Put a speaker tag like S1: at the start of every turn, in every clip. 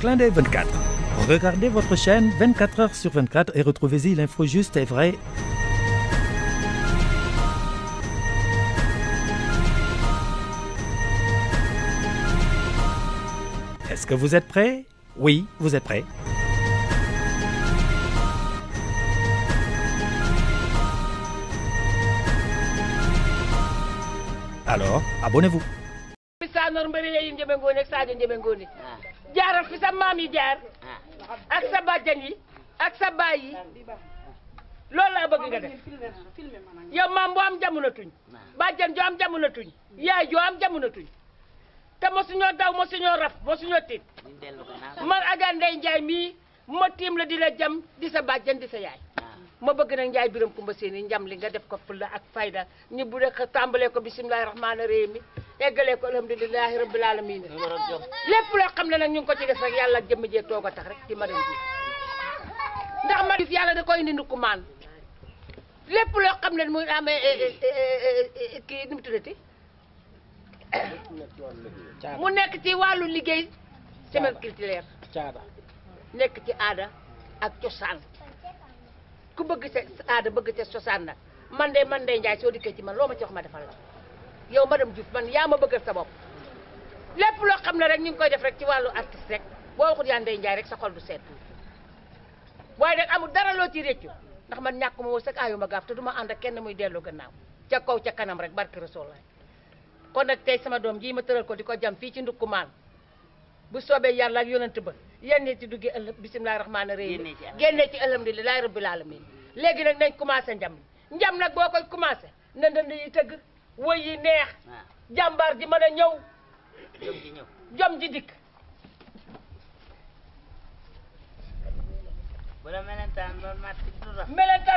S1: Clin d'œil 24. Regardez votre chaîne 24 heures sur 24 et retrouvez l'info juste et vraie. Est-ce que vous êtes prêts Oui, vous êtes prêts. Alors, abonnez-vous. jaaral fi sa maam yi jaar ah. ak sa bàjjan yi ak sa baay yi loolu laa bëgg nga def yow maam bu am jamono tuñ ah. bàjjan joo am jamono tuñ yaay joo am jamono tuñ te mosuñoo daw mosuñoo raf mosuñoo tiit man Aga Ndeye Ndiaye mii ma la di la jam di sa bàjjan di sa yaay ah. ma bëgg nag Njaay Biram Kumba Séeni njam li nga def ko fulla ak fayda ñu bu rek tàmbalee ko bisimilahi rahmaani rahim eggalee ko alhamdulilahi rabbil alamin lépp loo xam ne nag ñu ngi ko ci def rek yàlla jëmm jee toog a tax rek ci madame bi ndax ma yàlla da koy indi ndukku maan lépp loo xam ne muy amee eh, eh, eh, kii nu mu nekk ci wàllu liggéey semaine culturelle nekk ci aada ak cosaan ku bëgg sa aada bëgg sa cosaan nag man de man de Ndiaye soo dikkee ci man loo ma ci wax ma defal la yow madame Diouf man yaa ma bëggal sa bopp lépp loo xam ne rek ñu ngi koy def rek ci wàllu artiste rek boo waxul yaa Ndeye Ndiaye rek sa xol du sedd waaye nag amul dara loo ci réccu ndax man ñàkk ma woo sax aayuma gaaf te duma ànd ak kenn muy dellu gannaaw ca kaw ca kanam rek barke Rasulullah kon nag tey sama doom jii ma tëral ko di ko jam fii ci ndukku maan bu soobee yàlla ak yonent ba yennee ci duggee ëllëg bisimilahi rahmaani rahim génnee ci alhamdulilahi rabbil alamin léegi nag nañ commencé njam njam nag boo koy commencé na ndënd yi tëgg woy yi neex jàmbaar ji mën a ñëw jom ji dikk melentaan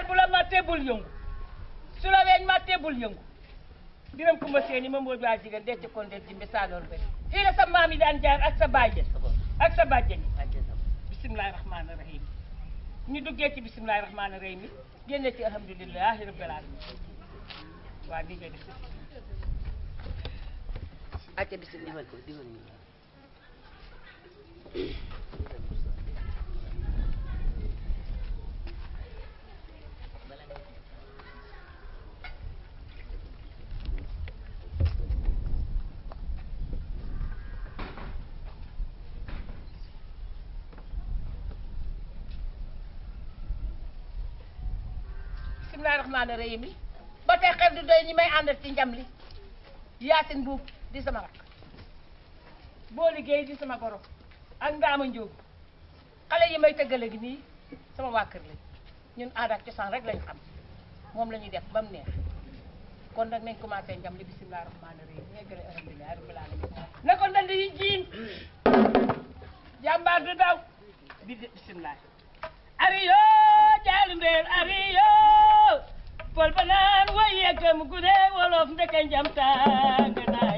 S1: bu la mattee bul yëngu su la weñ mattee bul yëngu biram kumba seeni ma mbooj waa jigéen denc kon denc mbi saa loolu benn fii la sa maam yi daan jaar ak sa bàjjen ak sa bàjjen bisimilahi rahmaani rahim rahim yi génne ci alhamdulilahi rabbil alamin waa di nga def acca bisimilah rahmaani rahim yi ba tey xel di doy ñi may àndal ci njam li yaasin buub di sama rak boo liggéey di sama boro ak ndaama njóogu xale yi may tëggale gi nii sama waa kër ñun aada ak cosaan rek lañ xam moom la ñuy def ba mu neex kon nag nañ commencé njam li bisimilah rahmaani rahim yeggale alhamdulilah ko ndand yi jiin jàmbaar du daw bi bisimilah ari caali ndeyel ari yo pol ba naan wayyegga mu gude wolof ndeke njam tàgg naa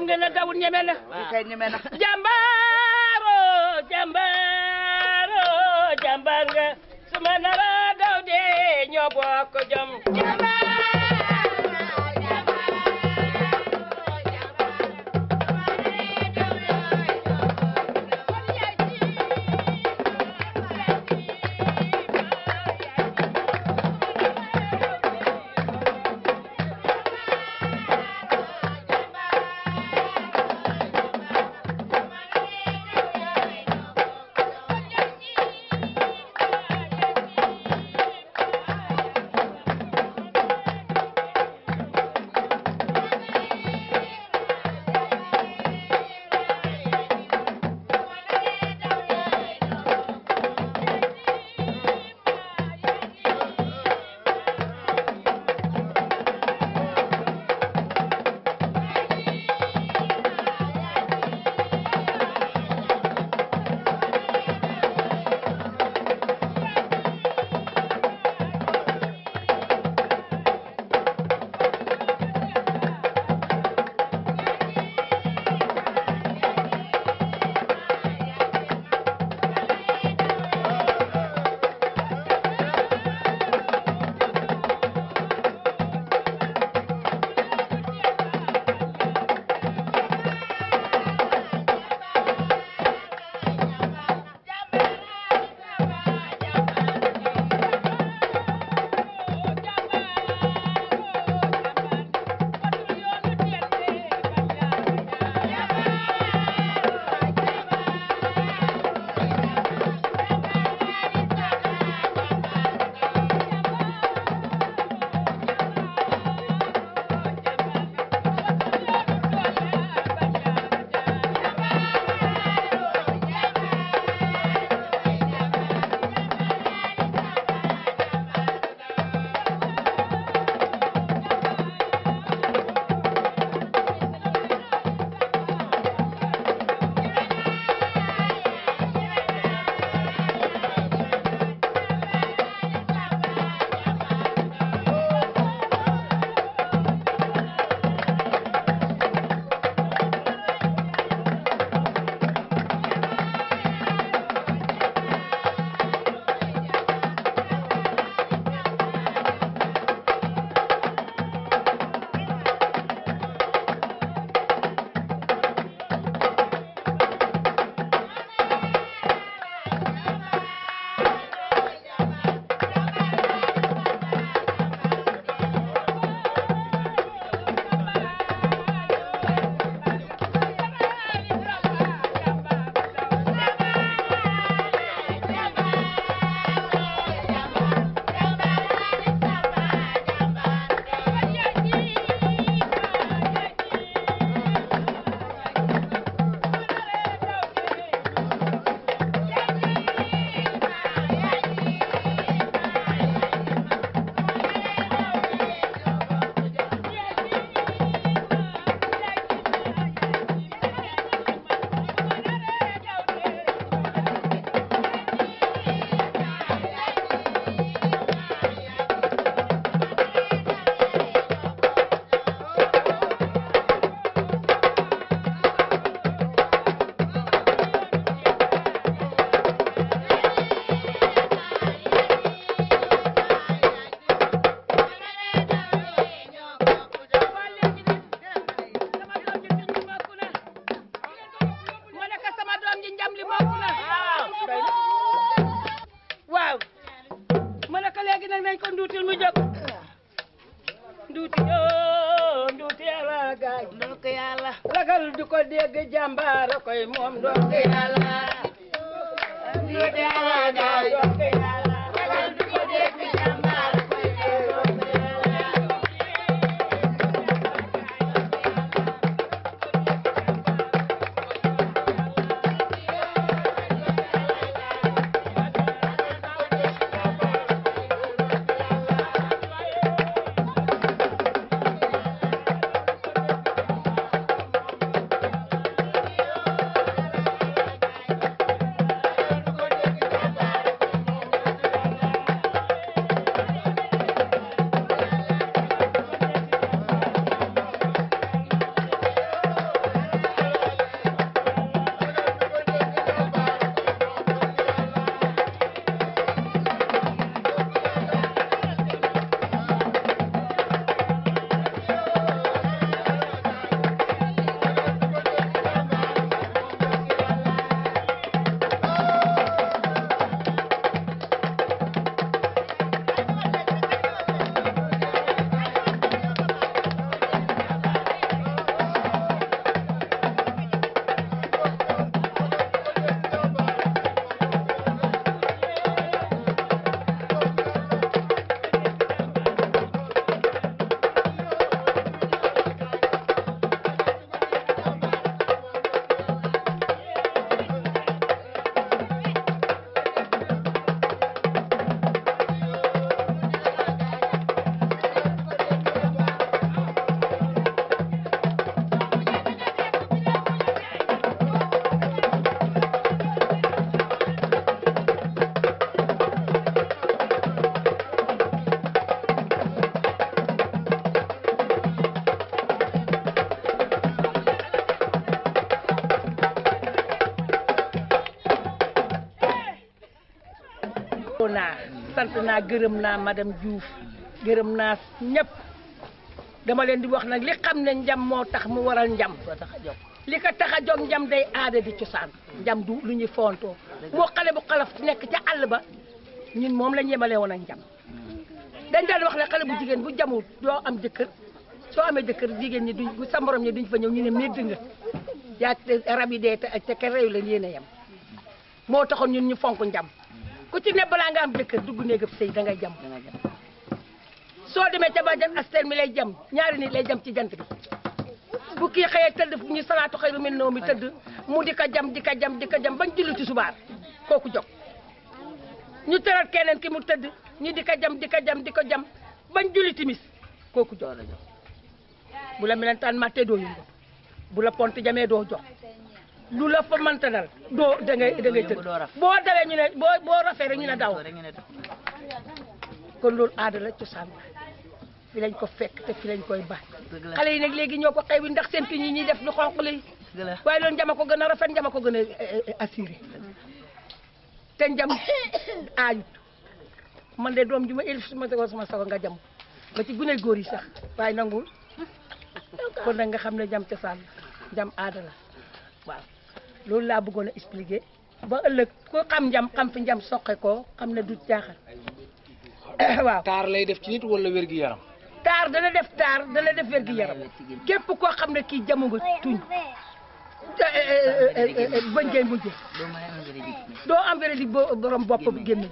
S1: xam ngeen ne Daoud ñeme na. waaw kay ñeme na. jàmbaaro jàmbaaro jàmbaar nga su ma nara daw dee ñoo bokk jom. gaay ndokk yàlla ragal di ko dégg jàmbaara koy naa sant naa gërëm naa madame Diouf gërëm naa ñëpp dama leen di wax nag li xam ne njam moo tax mu waral njam li ko tax a jóg njam day aada di cosaan njam du lu ñuy fontoo moo xale bu xalaf nekk ca àll ba ñun moom lañ yemale woon ak njam dañ daan wax ne xale bu jigéen bu jamut doo am jëkkër soo amee jëkkër jigéen ñi du sa morom ñi duñ fa ñëw ñu ne medd nga yaa rab yi dee te te ke reyu leen yéen a yem moo taxoon ñun ñu fonk njam ku ci ne balaa nga am jëkkër dugg néegam sey da ngay jam soo demee ca ba jam aster mi lay jam ñaari nit lay jam ci jant bi bu kii xëyee tëdd fu ñu salaatu xëy bu mel noo mi tëdd mu di ko jam di ko jam di jam bañ julli ci subaar kooku jog ñu tëral keneen ki mu tëdd ñi di ko jam di ko jam di ko jam bañ julli timis kooku joor a bu la melentaan mattee doo yëngu bu la jamee doo jox lu la fa mënta dal doo da ngay da boo dawee ñu ne boo boo rafee rek ñu ne daw kon loolu aada la cosaan la fi lañ ko fekk te fi lañ koy baax xale yi nag léegi ñoo ko xew ndax seen ñi yi ñuy def lu xonq lay waaye loolu njama ko gën a rafet njama ko gën a assuré te njam aayut man de doom ju ma élif suma sago suma sago nga jam ba ci gune góor yi sax waaye nangul kon nag nga xam ne jam cosaan jam aada la loolu laa bëggoon a expliquer ba ëllëg ko xam njam xam fi njam soqe koo xam na du jaaxal waaw. taar lay def ci nit wala wér yaram. taar dana def taar dana def wér yaram képp koo xam ne kii jamu nga tuñ bañ koy mujjee doo am wér di borom bopp bi gémmiñ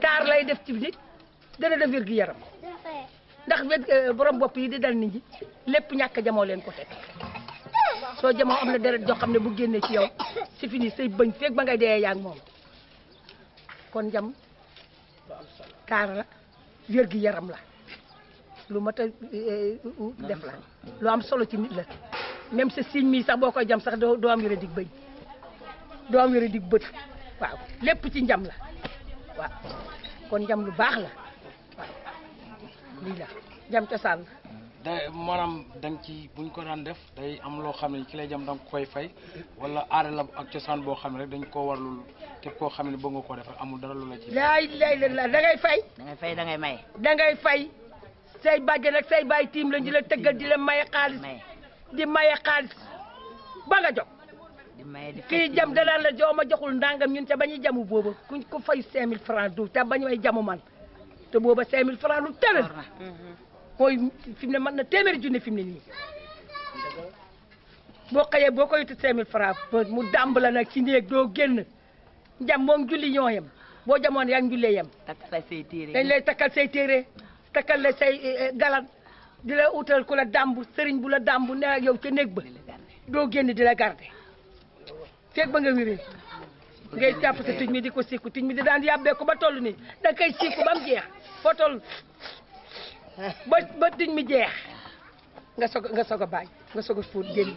S1: taar lay def ci nit dana def wér yaram eh, ndax borom bopp yi di dal nit ñi lépp ñàkk jamoo leen ko soo jamoo am na deret joo xam ne bu génnee ci yow c'est fini say bëñ feeg ba ngay dee yaa moom kon jam taar la wér gi yaram la lu mat a eh, def la lu am solo ci nit la même sa signe mii sax boo koy jam sax doo am yore dig bëñ doo am yore dig bët lépp ci njam la waaw kon njam lu baax la waaw lii la njam cosaan la day maanaam da nga ci buñ ko daan def day am loo xam ne ci lay jam da koy fay wala aada la ak cosaan boo xam ne rek dañ koo warlul képp koo xam ne bëgg nga koo def amul dara lu la ci. laa ilaaha illallaah fay. da ngay da ngay may. da ngay fay say bàjjen ak say baay tiim lañ di la tëggal di la maye xaalis. di maye xaalis ba nga jóg. di maye la joo ma joxul ndàngam ñun te bañuy jamu boobu kuñ ko fay 5000 francs du te bañ may jamu man te booba 5000 francs lu tëral. koy fi ne man na téeméeri junne fi mu ne nii boo xëyee boo koy yittu cinq mille mu dàmb la nag ci néeg doo génn njam moom julli ñoo yem boo jamoon yaa ngi yem. takkal say téere dañ lay takkal say téere takkal la say eh, eh, galan di la utal ku la dàmb sëriñ bu la dàmb ne ak yow ca néeg doo génn di la garde feeg ba nga wéree ngay jàpp sa tuñ mi di ko sikku tuñ mi di daan yàbbee ko ba toll nii da nga koy sikku jeex foo toll ba ba tiñ mi jeex nga soog nga soog a bàyyi nga soog a fóot génn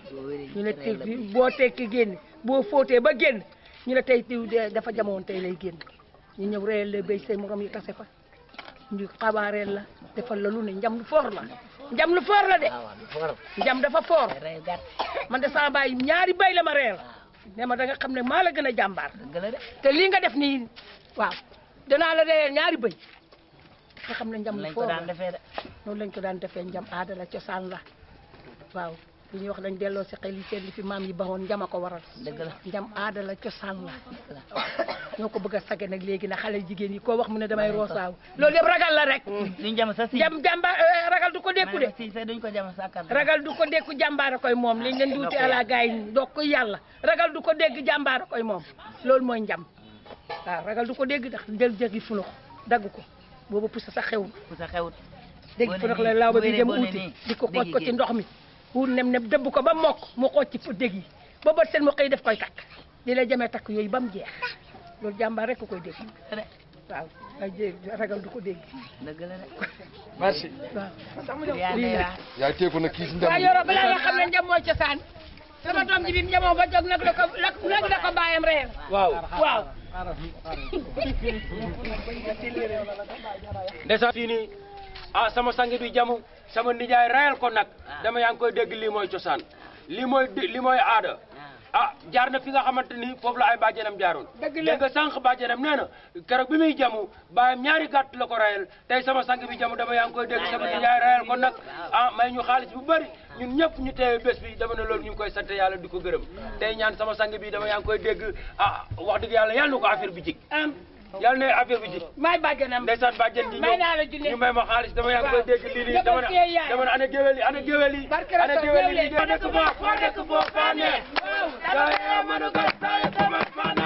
S1: ñu ne tey boo tekki génn boo footee ba génn ñu ne tey dafa jamoon tey lay génn ñu ñëw reyal la béy say morom yi tase fa ñu xabaareel la defal la lu ne njam lu foor la njam lu foor la de njam dafa foor man de sama baay ñaari bay la ma reer ne ma da xam ne maa la gën a jàmbaar te lii nga def nii waaw danaa la reyal ñaari bay nga xam ne njam foo noonu lañ ko daan defee njam aada la cosaan la waaw li ñuy wax dañ delloo si xel yi seen li fi maam yi baxoon njam a ko waral dëgg la njam aada la cosaan la ñoo ko bëgg a sage nag léegi na xale jigéen yi koo wax mu ne damay roosaaw lool yëpp ragal la rek mm. duñ jam sa si jam eh, ragal du ko dékku de duñ ko jam sakkan ragal du ko dékku jàmbaara koy moom ah, liñ leen duuti ala gaay yi doog ko yàlla ragal ko dégg jàmbaara koy moom loolu mooy njam waaw ragal du ko dégg ndax jël jëgi funux dagg ko booba pusa sax xewul pusa xewul dégg fo nag la lawba bi dem uuti di ko xooj ko ci ndox mi wu nem nem dëbb ko ba mokk mu xooj ci dég yi booba seen mu xëy def koy takk di la jamee takk yooyu ba mu jeex loolu jàmbaar rek ko koy dégg waaw ay jéeg ragal du ko dégg dëgg la merci yaa teeku nag kii si ndam waaw yoro balaa nga xam ne ndam mooy cosaan sama doom ji bi mu njamoo ba jóg nag la ko nag la ko bàyyam reer
S2: waaw waaw
S1: ndeysaan fii nii ah sama sang bi jamu sama nijaay rayal ko nag ah. dama yaa ngi koy dégg lii mooy cosaan lii mooy aada ah jaar na fi nga xamante ni foofu la ay bàjjenam jaaroon dégg nga sànq bàjjenam nee na keroog bi muy jamu baayam ñaari gàtt la ko rayal tey sama sang bi jamu dama yaa ngi koy dégg sama yaay rayal kon nag ah may ñu xaalis bu bëri ñun ñëpp ñu te bés bi dama ne loolu ñu koy sant yàlla di ko gërëm tey ñaan sama sang bi dama yaa ngi koy dégg ah wax dëgg yàlla yàlla na ko affaire bi jik yal na affaire bi ji. may bàjjanam ndeysaan bàjjan di ñëw may la junne ñu may ma xaalis dama yàgg ba dégg lii lii dama ne dama ne ana géwél yi ana géwél yi ana géwél yi. foo dëkk boo foo dëkk boo faa ne.